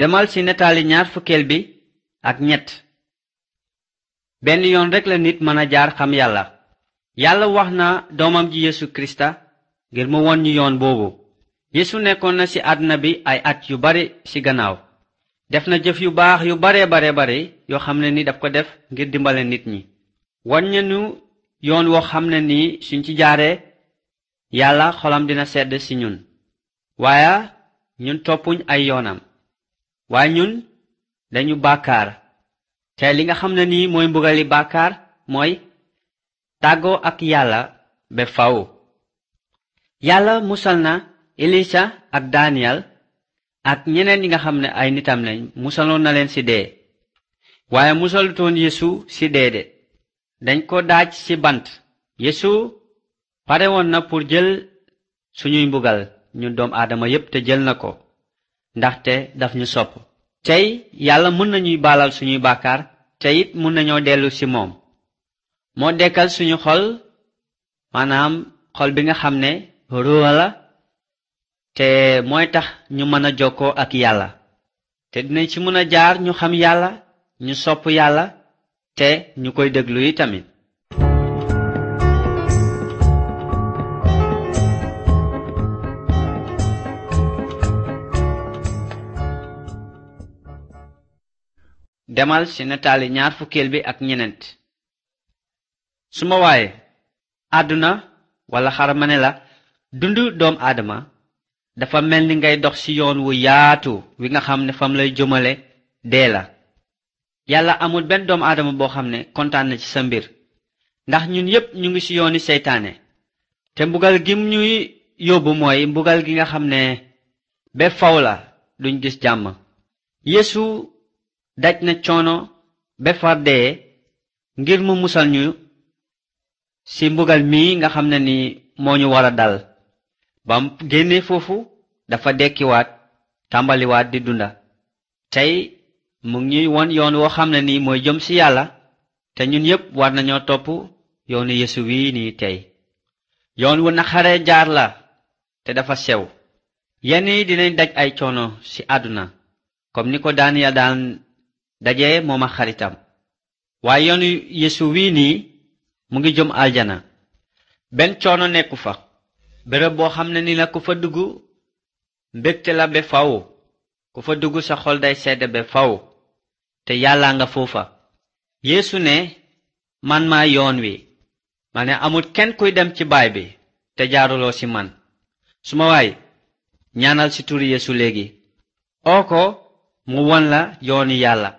demal ci netaali ñaar fukkeel bi ak ñett benn yoon rekk la nit mën a jaar xam yàlla yàlla wax na doomam ji yeesu kirista ngir mu won ñu yoon boobu yeesu nekkoon na ci àdduna bi ay at yu bare ci gannaaw def na jëf yu baax yu bare bare bare yoo xam ne ni daf ko def ngir dimbale nit ñi won ñu yoon woo xam ne ni suñ ci jaaree yàlla xolam dina sedd ci ñun waaye ñun toppuñ ay yoonam waa ñun dañu bàkkaar te li nga xam ne nii mooy mbugali bàkkaar mooy tàggoo ak yàlla ba faw yàlla musal na elisa ak daniyal ak ñeneen yi nga xam ne ay nitam lañ musaloon na leen ci dee waaye musalutoon yeesu ci dee de dañ ko daaj ci bant yeesu pare woon na pour jël suñuy mbugal ñu doom aadama yépp te jël na ko ndaxte daf ñu sopp tey yàlla mën nañuy baalal suñuy baakaar te it mën nañoo dellu ci moom moo dekkal suñu xol maanaam xol bi nga xam ne ruuwa la te mooy tax ñu mën a jokkoo ak yàlla te dinañ ci mën a jaar ñu xam yàlla ñu sopp yàlla te ñu koy déglu yi tamit demal ci nataali ñaar fukkeel bi ak ñeneent su waaye àdduna walla xar la dund doom aadama dafa mel ni ngay dox ci yoon wu yaatu wi nga xam ne fam lay jëmale dee la yàlla amul benn doom aadama boo xam ne kontaan na ci sa mbir ndax ñun yépp ñu ngi ci yooni seytaane te mbugal gi ñuy yóbbu mooy mbugal gi nga xam ne ba faw la duñ gis jàmm daj na coono be ngir mu musal ñu ci mbugal mi nga xam ne ni moo ñu war a dal ba génnee foofu dafa dekkiwaat tàmbaliwaat di dunda tey mu ngi won yoon woo xam ne ni mooy jëm ci yàlla te ñun yépp war nañoo topp yoon yeesu wii nii tey yoon wu na xare jaar la te dafa sew yenn yi dinañ daj ay coono ci àdduna comme ni ko Daniel daan daje moom ak xaritam waaye yoonu yeesu wii nii mu ngi jëm aljana benn coono nekku fa bërëb boo xam ne nii la ku fa dugg mbégte la be faw ku fa dugg sa xol day sedd be faw te yàllaa nga foofa yéesu ne man maa yoon wi ma ne amul kenn kuy dem ci baay bi te jaaruloo ci man suma waay ñaanal ci turu yeesu léegi oo ko mu won la yooni yàlla